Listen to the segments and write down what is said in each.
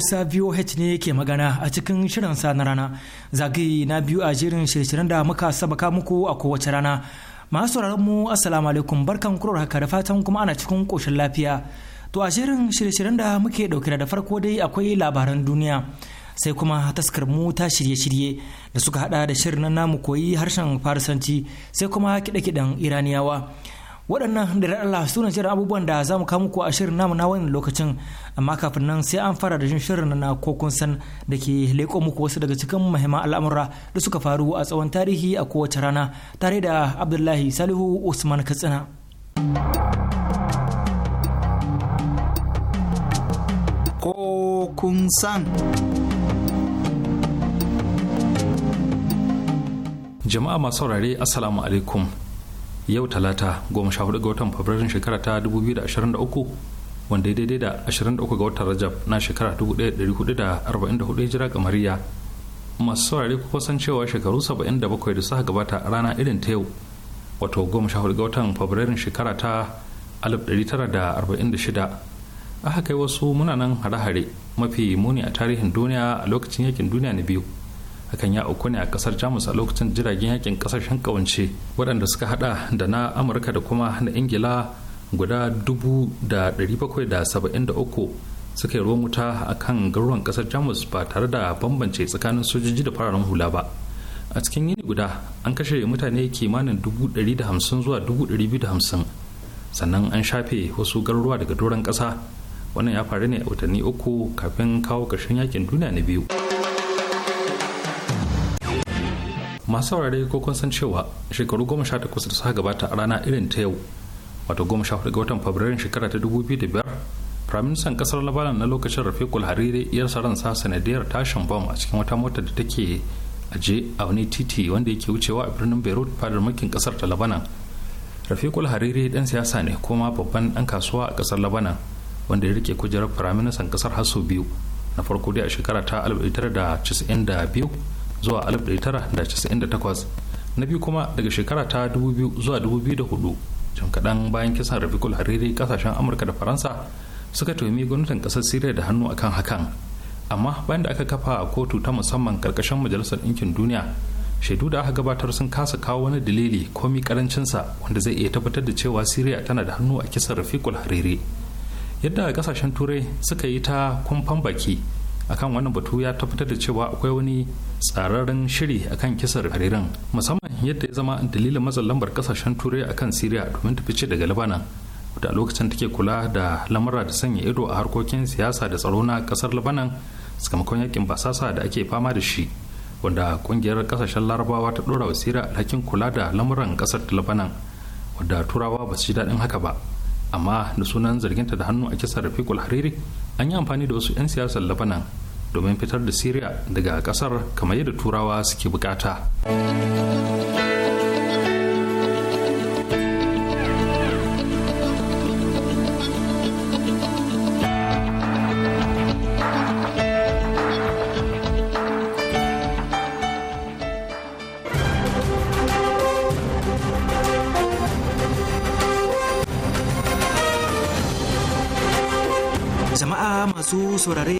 Hausa VOH ne ke magana a cikin shirin sa na rana. Zagaye na biyu a jerin shirye-shiryen da muka sabaka muku a kowace rana. Masu mu Assalamu alaikum barkan kurar haka da fatan kuma ana cikin koshin lafiya. To a jerin shirye-shiryen da muke dauke da farko dai akwai labaran duniya. Sai kuma taskar mu ta shirye-shirye da suka hada da shirin namu koyi harshen Farisanci sai kuma kiɗe-kiɗen Iraniyawa. waɗannan da Allah su ne jiran abubuwan da za mu kawo muku a shirin namu na wannan lokacin amma kafin nan sai an fara da jin shirin na ko kun san da ke leƙo muku wasu daga cikin muhimman al'amura da suka faru a tsawon tarihi a kowace rana tare da Abdullahi Salihu Usman Katsina. Ko kun san. Jama'a masu saurare Assalamu alaikum. yau talata 14 ga watan fabrairun shekara ta 2023 wanda ya daidai da 23 ga watan rajab na shekara 1444 hijira kamariya masu saurare kuka san cewa shekaru 77 da suka gabata a rana irin ta yau wato 14 ga watan fabrairun shekara ta 1946 aka kai wasu munanan hare-hare mafi muni a tarihin duniya a lokacin yakin duniya na biyu hakan ya auku ne a kasar jamus a lokacin jiragen yakin kasashen kawance waɗanda suka hada da na amurka da kuma na ingila guda 773 suka yi ruwan wuta a kan garuruwan kasar jamus ba tare da bambance tsakanin sojoji da fararen hula ba a cikin yini guda an kashe mutane kimanin 150 zuwa 250 sannan an shafe wasu garuruwa daga doron ƙasa wannan ya faru ne a watanni uku kafin kawo ƙarshen yakin duniya na biyu. masu saurare ko kun san cewa shekaru goma sha takwas da suka gabata a rana irin ta yau wato goma sha hudu ga watan fabrairun shekara ta dubu biyu da biyar firaministan kasar labanan na lokacin rafiqul hariri ya ransa sanadiyar tashin bom a cikin wata mota da take aje a wani titi wanda yake wucewa a birnin beirut fadar mulkin kasar ta labanan rafiqul hariri dan siyasa ne kuma babban dan kasuwa a kasar labanan wanda ya rike kujerar firaministan kasar hasu biyu na farko dai a shekara ta 1992 zuwa 1998 na biyu kuma daga shekara ta 2000 zuwa 2004 can kaɗan bayan kisan rafikul hariri kasashen amurka da faransa suka tuhumi gwamnatin ƙasar siriya da hannu akan hakan amma bayan da aka kafa a kotu ta musamman karkashin majalisar ɗinkin duniya shaidu da aka gabatar sun kasa kawo wani dalili mi karancinsa wanda zai iya tabbatar da cewa siriya tana da hannu a kisan rafikul hariri yadda kasashen turai suka yi ta kumfan baki akan wannan batu ya tabbatar da cewa akwai wani tsararren shiri akan kisar hariran musamman yadda ya zama dalilin matsin lambar kasashen turai akan syria domin ta fice daga labanan da lokacin take kula da lamura da sanya ido a harkokin siyasa da tsaro na kasar labanan sakamakon yakin basasa da ake fama da shi wanda kungiyar kasashen larabawa ta dora wa syria alhakin kula da lamuran kasar ta labanan wadda turawa ba su ji daɗin haka ba amma da sunan zarginta da hannu a kisar rafiqul hariri an yi amfani da wasu 'yan siyasar labanan domin fitar da syria daga kasar kamar yadda turawa suke bukata jama'a masu saurare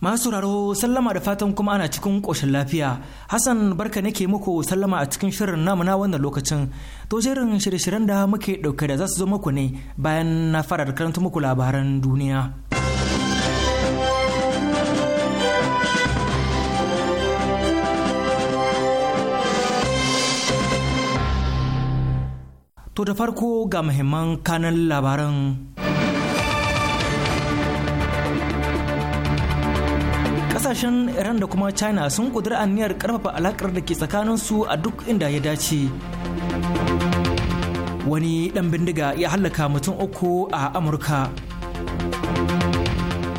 Masu sauraro sallama da fatan kuma ana cikin koshin lafiya. Hassan barka nake muku sallama a cikin shirin namuna na wannan lokacin. To jerin shirye-shiryen da muke ɗauke da za su zo muku ne bayan na fara da karanta muku labaran duniya. To da farko ga muhimman kanan labaran kasashen iran da kuma china sun kudura aniyar karfafa alakar da ke tsakanin su a duk inda ya dace wani dan bindiga ya hallaka mutum uku a amurka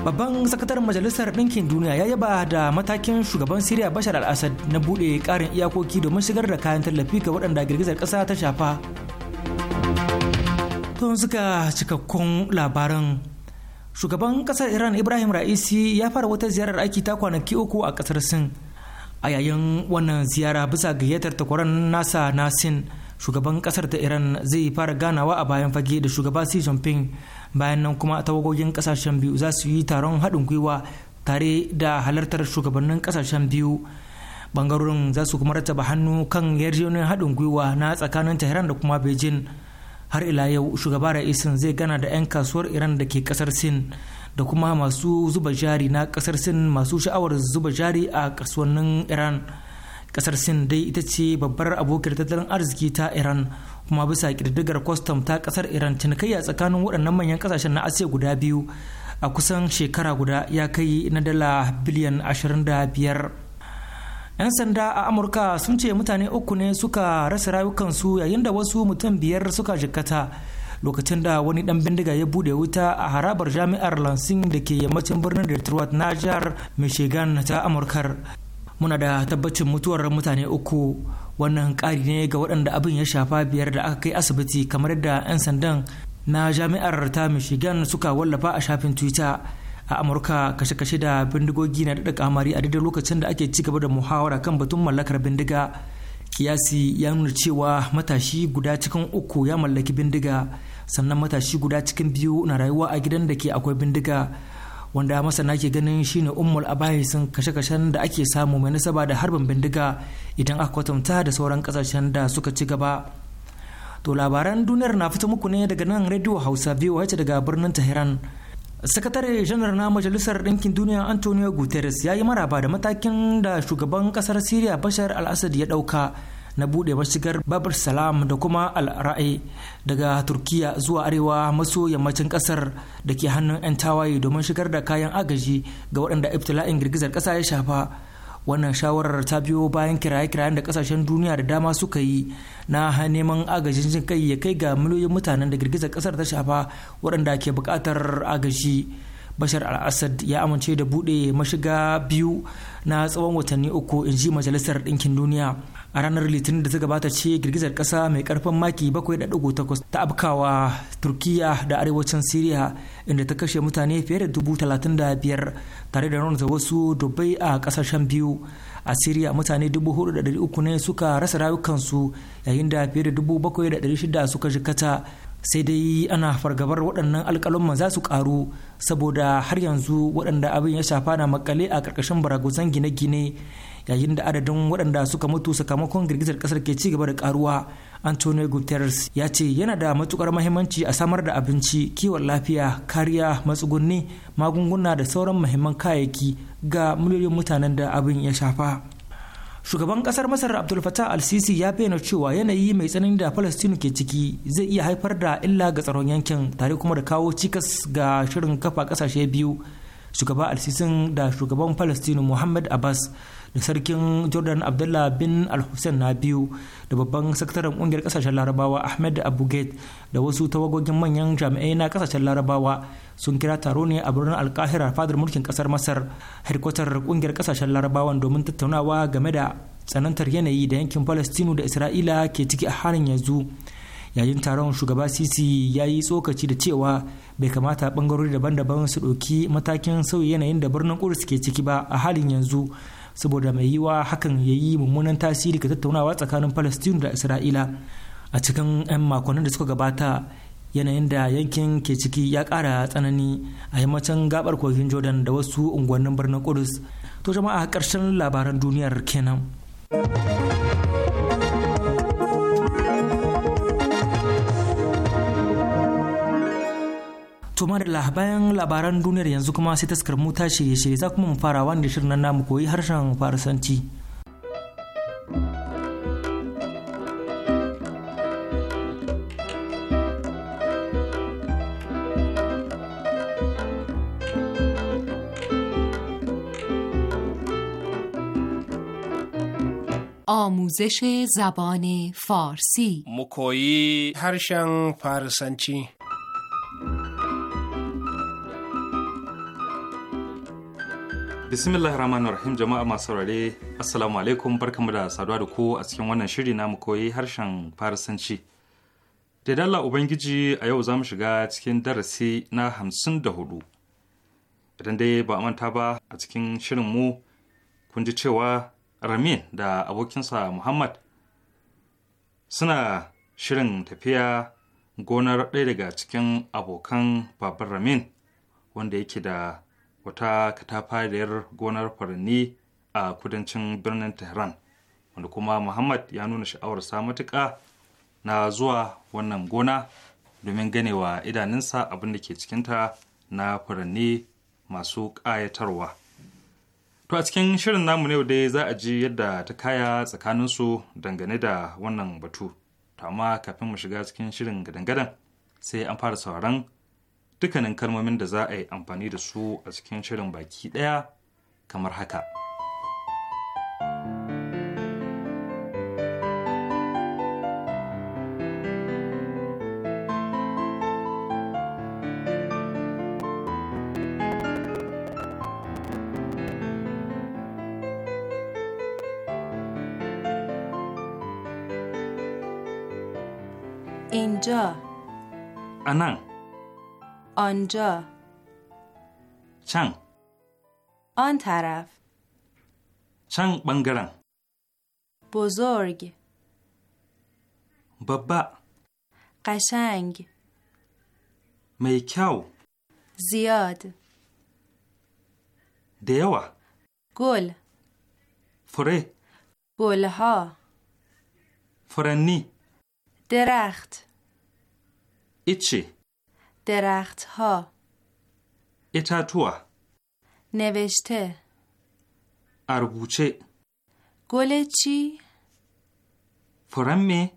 babban sakataren majalisar ɗinkin duniya ya yaba da matakin shugaban siriya bashar al-assad na buɗe ƙarin iyakoki domin shigar da kayan tallafi ga waɗanda girgizar ƙasa ta shafa tun suka cikakkun labaran shugaban kasar iran ibrahim ra'isi ya fara wata ziyarar aiki ta kwanaki uku a kasar sin a yayin wannan ziyara bisa gayyatar takwaran nasa na sin shugaban kasar ta iran zai fara ganawa a bayan fage da shugaba xi jinping bayan nan kuma tawagogin kasashen biyu za su yi taron haɗin gwiwa tare da halartar shugabannin kasashen biyu bangarorin za su kuma rattaba hannu kan yarjejeniyar haɗin gwiwa na tsakanin tehran da kuma beijing har ila yau shugaba ra'isin zai gana da 'yan kasuwar iran da ke kasar sin da kuma masu zuba jari na kasar sin masu sha'awar zuba jari a kasuwannin iran kasar sin dai ita ce babbar abokin tattalin arziki ta iran kuma bisa ƙididdigar kwastam ta kasar iran cinikayya tsakanin waɗannan manyan kasashen na asiya guda biyu a kusan shekara guda ya kai na dala biliyan 25 'yan sanda a amurka sun ce mutane uku ne suka rasa rayukansu yayin da wasu mutum biyar suka jikkata lokacin da wani dan bindiga ya bude wuta a harabar jami'ar lansing da ke yammacin birnin detroit na jihar michigan ta amurkar muna da tabbacin mutuwar mutane uku wannan ƙari ne ga waɗanda abin ya shafa biyar da aka kai asibiti kamar yadda 'yan sandan na jami'ar ta michigan suka wallafa a shafin twitter a amurka kashe-kashe da bindigogi na daɗa kamari a daidai lokacin da ake ci gaba da muhawara kan batun mallakar bindiga kiyasi ya nuna cewa matashi guda cikin uku ya mallaki bindiga sannan matashi guda cikin biyu na rayuwa a gidan da ke akwai bindiga wanda masana ke ganin shine ummul sun kashe-kashen da ake samu mai nasaba da harbin bindiga idan aka kwatanta da sauran kasashen da suka ci gaba to labaran duniyar na fita muku ne daga nan radio hausa biyu wace daga birnin tehran sakatare janar na majalisar ɗinkin duniya antonio guterres ya yi maraba da matakin da shugaban ƙasar syria bashar al-assad ya ɗauka na buɗe mashigar babar salam da kuma al-ra'i daga turkiya zuwa arewa maso yammacin ƙasar da ke hannun 'yan tawaye domin shigar da kayan agaji ga waɗanda ibtila'in girgizar ƙasa ya shafa wannan shawarar ta biyo bayan kiraye-kirayen da kasashen duniya da dama suka yi na neman agajin jin kai ya kai ga miliyoyin mutanen da girgizar kasar ta shafa waɗanda ke buƙatar agaji bashar al-assad ya amince da bude mashiga biyu na tsawon watanni uku in ji majalisar ɗinkin duniya a ranar litinin da ta gabata ce girgizar ƙasa mai ƙarfin maki 7.8 ta afkawa turkiya da arewacin syria inda ta kashe mutane fiye da dubu talatin da biyar tare da raunata wasu dubbai a ƙasashen biyu a syria mutane dubu hudu da uku ne suka rasa rayukansu yayin da fiye da dubu bakwai da shida suka jikata sai dai ana fargabar waɗannan alƙalumman za su ƙaru saboda har yanzu waɗanda abin ya shafa na makale a ƙarƙashin baragusan gine-gine yayin da adadin waɗanda suka mutu sakamakon girgizar ƙasar ke ci gaba da ƙaruwa antonio guterres ya ce yana da matukar mahimmanci a samar da abinci kiwon lafiya kariya matsugunni magunguna da sauran mahimman kayayyaki ga miliyoyin mutanen da abin ya shafa shugaban kasar masar abdul fatah al-sisi ya bayyana cewa yanayi mai tsanani da palestine ke ciki zai iya haifar da illa ga tsaron yankin tare kuma da kawo cikas ga shirin kafa kasashe biyu shugaba al sisi da shugaban palestine muhammad abbas da sarkin jordan abdullah bin al-hussein na biyu da babban sakataren kungiyar kasashen larabawa ahmed abu da wasu tawagogin manyan jami'ai na kasashen larabawa sun kira taro ne a birnin alkahira fadar mulkin kasar masar harkotar kungiyar kasashen larabawan domin tattaunawa game da tsanantar yanayi da yankin palestinu da isra'ila ke ciki a halin yanzu yayin taron shugaba sisi ya yi tsokaci da cewa bai kamata bangarori daban-daban su ɗauki matakin sauyi yanayin da birnin kudus ke ciki ba a halin yanzu saboda mai yiwa hakan ya yi mummunan tasiri ga tattaunawa tsakanin palestine da isra'ila a cikin 'yan makonnin da suka gabata yanayin da yankin ke ciki ya kara tsanani a yammacin gabar kogin jordan da wasu unguwannin birnin kudus to jama'a ƙarshen labaran duniyar kenan. To madalla bayan labaran duniyar yanzu kuma sai taskar mu ta shirye shirye za kuma mu fara wani shirin nan namu koyi harshen farisanci. آموزش زبان فارسی مکویی هرشن فارسنچی bismillah rahman rahim jama'a masu saurare assalamu alaikum barkamu da saduwa da ku a cikin wannan shiri mu koyi harshen farisanci da dalla ubangiji a yau za mu shiga cikin darasi na hamsin da hudu idan dai ba a manta ba a cikin shirin mu kun ji cewa ramin da abokinsa muhammad suna shirin tafiya gonar ɗaya daga cikin abokan babar ramin wanda yake da wata katafariyar gonar furanni a kudancin birnin tehran wanda kuma muhammad ya nuna sha'awarsa matuƙa na zuwa wannan gona domin ganewa idanunsa abin da ke cikinta na furanni masu ƙayatarwa to a cikin shirin namu ne dai za a ji yadda ta kaya tsakaninsu dangane da wannan batu to amma kafin mu shiga cikin shirin gadan-gadan sai an fara sauran dukkanin kalmomin da za a yi amfani da su a cikin shirin baki ɗaya kamar haka. اینجا nan. آنجا چنگ آن طرف چنگ بنگرن بزرگ ببا قشنگ میکاو زیاد دیوا گل فره گلها فرنی درخت ایچی درختها اتاتوه نوشته اربوچه گل چی؟ فرمه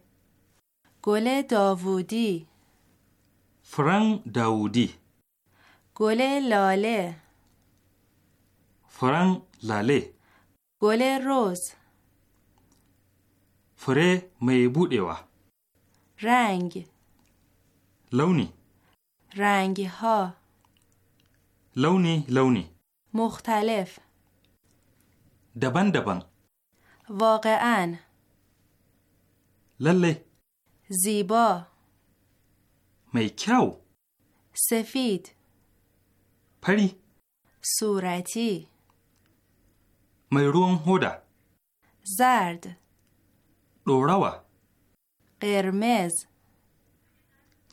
گل داوودی فرنگ داوودی گل لاله فرنگ لاله گل روز فره میبوده و رنگ لونی رنگ ها لونی لونی مختلف دبن دبن واقعا للی زیبا میکاو سفید پری صورتی میرون هودا زرد دوراوا قرمز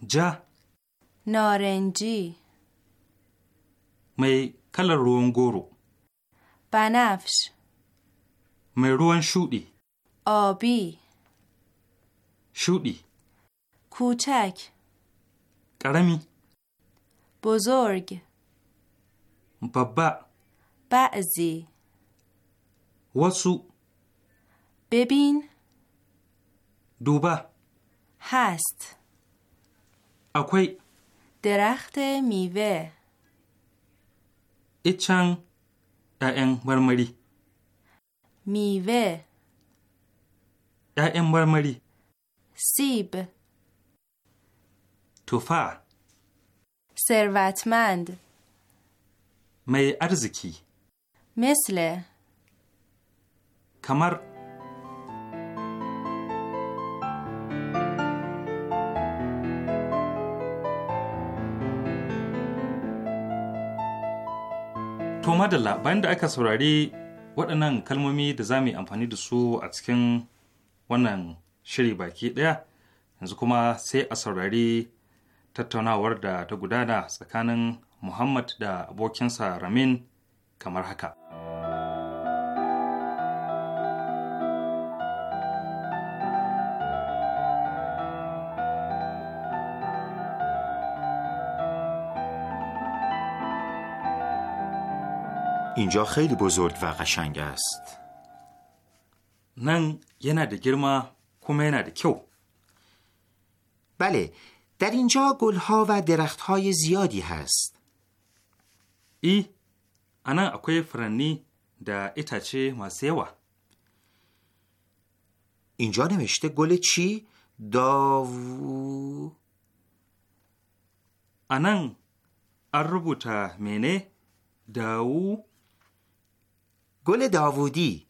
جا نارنجی می کلر روان گورو بنفش می روان شودی آبی شودی کوچک قرمی بزرگ بابا بعضی وسو ببین دوبه هست اکوی درخت میوه یا این برمری میوه این برمری سیب توفا ثروتمند می ارزکی مثل کمر madalla bayan da aka saurari waɗannan kalmomi da za mu yi amfani da su a cikin wannan shiri baki ɗaya yanzu kuma sai a saurari tattaunawar da ta gudana tsakanin muhammad da abokinsa ramin kamar haka اینجا خیلی بزرگ و قشنگ است. نن یه نده گرما کمه نده کیو بله در اینجا گلها و درختهای زیادی هست ای انا اکوی فرنی دا ایتاچه ماسیوا اینجا نوشته گل چی؟ داو انان ان منه mene گل داوودی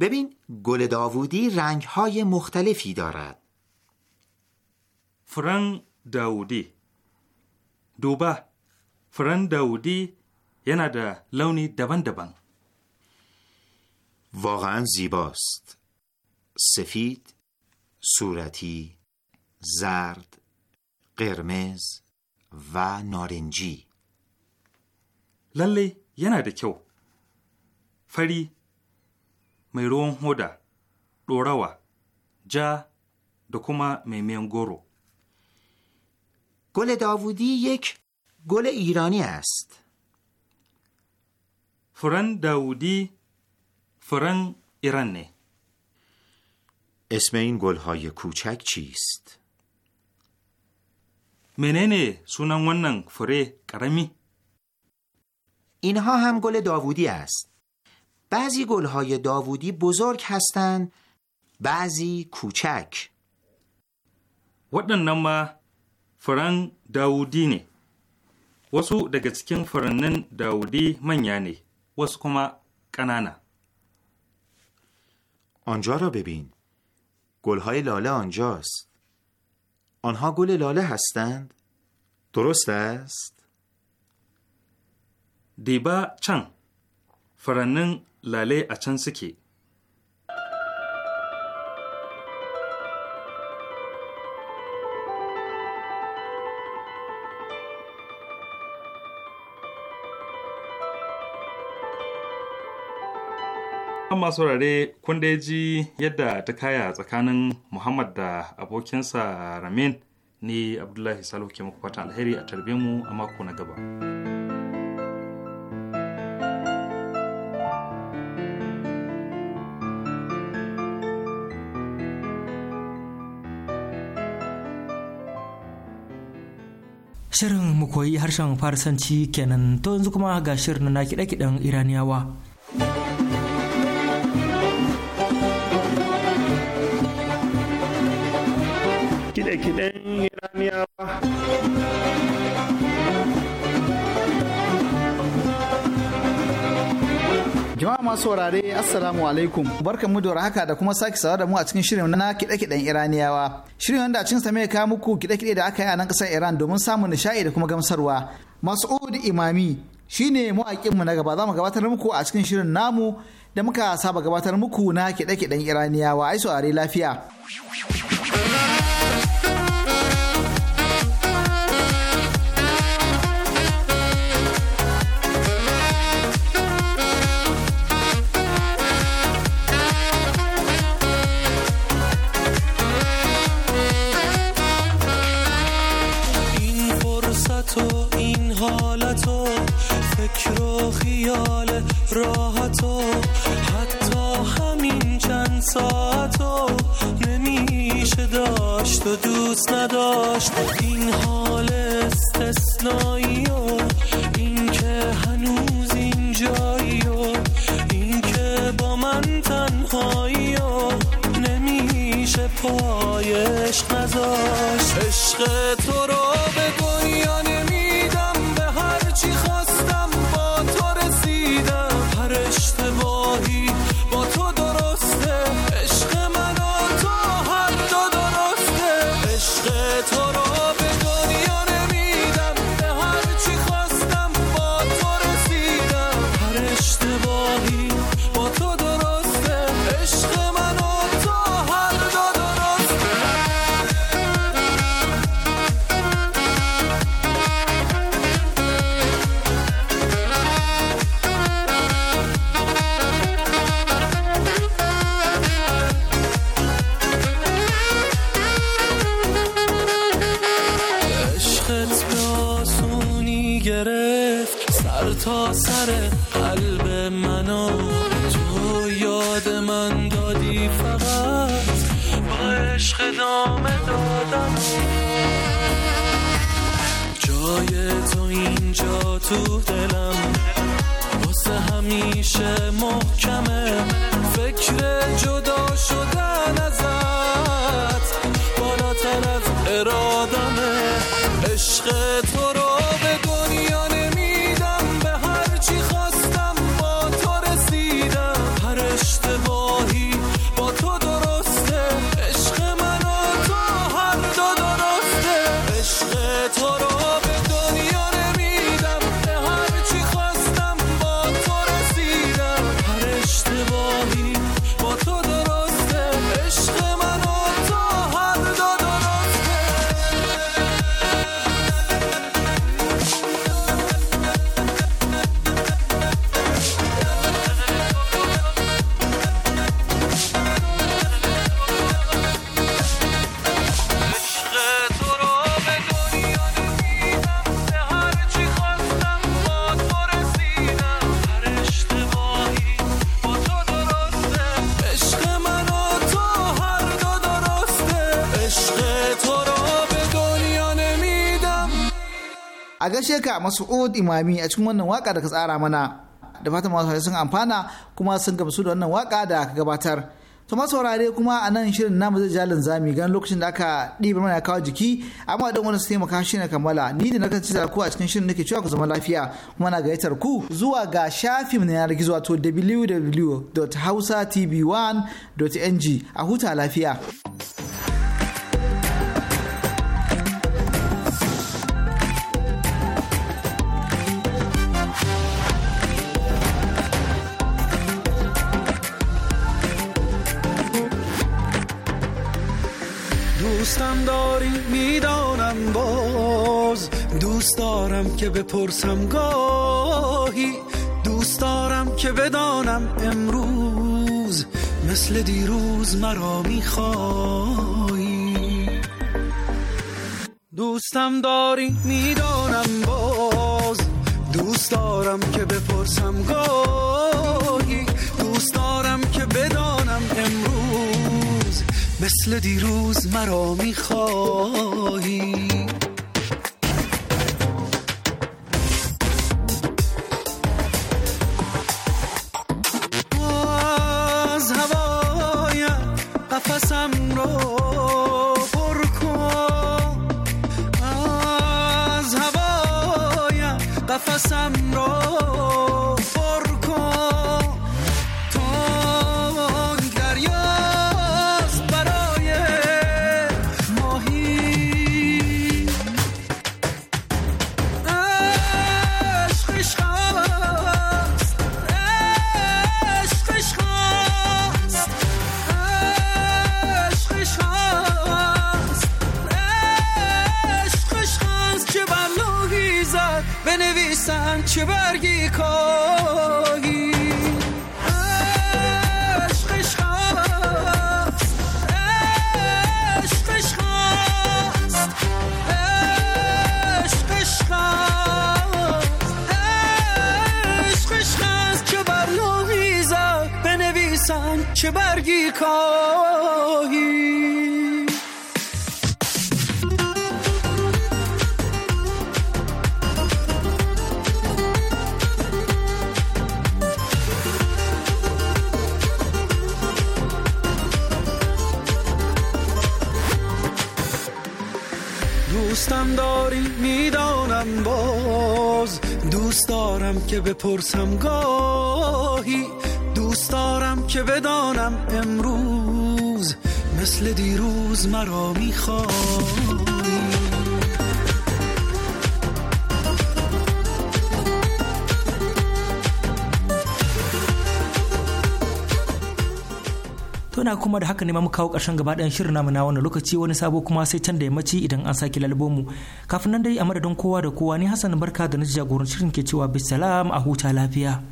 ببین گل داوودی های مختلفی دارد فرن داودی دوبه فرن داودی یه نده لونی دبن دبن واقعا زیباست سفید صورتی زرد قرمز و نارنجی للی یه دا کیو فری می روان هودا دوراوا جا دکوما میمین گورو گل داوودی یک گل ایرانی است فرن داوودی فرن ایرانه اسم این های کوچک چیست؟ مننه سونان ونن فره قرمی اینها هم گل داوودی است بعضی گلهای داوودی بزرگ هستند بعضی کوچک waɗannan ma furen dawudi ne wasu daga cikin furannin dawudi manya ne wasu kuma ƙanana آنجا را ببین گلهای لاله آنجاست آنها گل لاله هستند درست است دیبا چند فرنن lalai a can suke. masu rare kun da ji yadda ta kaya tsakanin Muhammad da abokinsa Ramin ni Abdullahi Salo ke muku fatan alheri a tarbe mu a mako na gaba. Shirin mu koyi harshen Farisanci kenan to yanzu kuma ga shirin na kiɗe-kiɗen Iraniyawa. Kiɗe-kiɗen Iraniyawa. masu wurare assalamu alaikum barkan mu da haka da kuma sake sawa da mu a cikin shirin na kiɗe-kiɗen iraniyawa shirin wanda cin sa mai kawo muku kiɗe-kiɗe da aka yi a nan kasar iran domin samun nishaɗi da kuma gamsarwa mas'ud imami shine mawaƙin mu na gaba za mu gabatar muku a cikin shirin namu da muka saba gabatar muku na kiɗe-kiɗen iraniyawa ai saurare lafiya دوست نداشت این حال استثنایی و این که هنوز اینجایی و این که با من تنهایی و نمیشه پایش نذاشت عشق تو رو اینجا تو دلم واسه همیشه محکمه فکر جدا شدن ازت بالاتر از ارادمه عشق تو a gaishe ka Mas'ud Imami a cikin wannan waka da ka tsara mana da fatan masu sun amfana kuma sun gamsu da wannan waka da ka gabatar to masu wurare kuma a nan shirin namu zai jalin zami gan lokacin da aka ɗiba mana kawo jiki amma don wani su taimaka shi na kammala ni da na kan ci ku a cikin shirin nake cewa ku zama lafiya kuma na gayyatar ku zuwa ga shafin na yanar gizo wato www.hausatv1.ng a huta lafiya. دوستم داری میدانم باز دوست دارم که بپرسم گاهی دوست دارم که بدانم امروز مثل دیروز مرا میخوایی دوستم داری میدانم باز دوست دارم که بپرسم گاهی مثل دیروز مرا میخواهی دارم که بپرسم گاهی دوست دارم که بدانم امروز مثل دیروز مرا میخواد muna kuma da haka ne mu kawo ƙarshen gaba ɗayan shirin namu na wannan lokaci wani sabo kuma sai can da yammaci idan an sake lalbo mu kafin nan dai a madadin kowa da kowa ni Hassan barka da na jagorancin shirin ke cewa bisalam a huta lafiya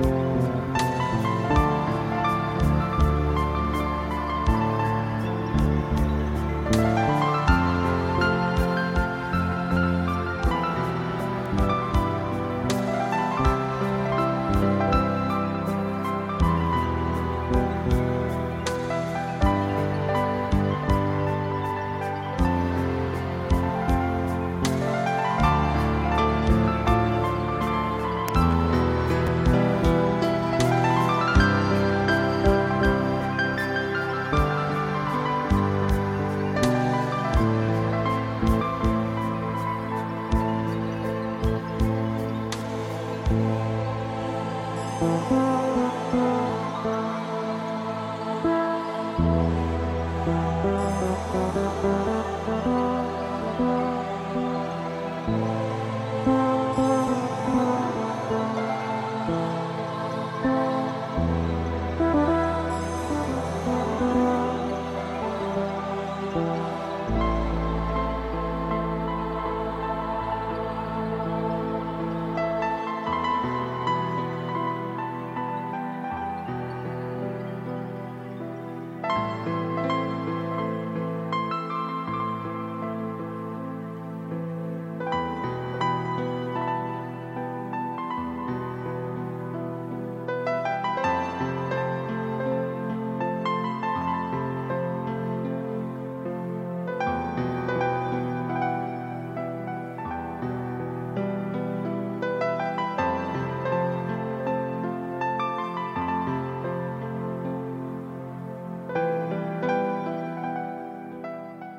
Thank you.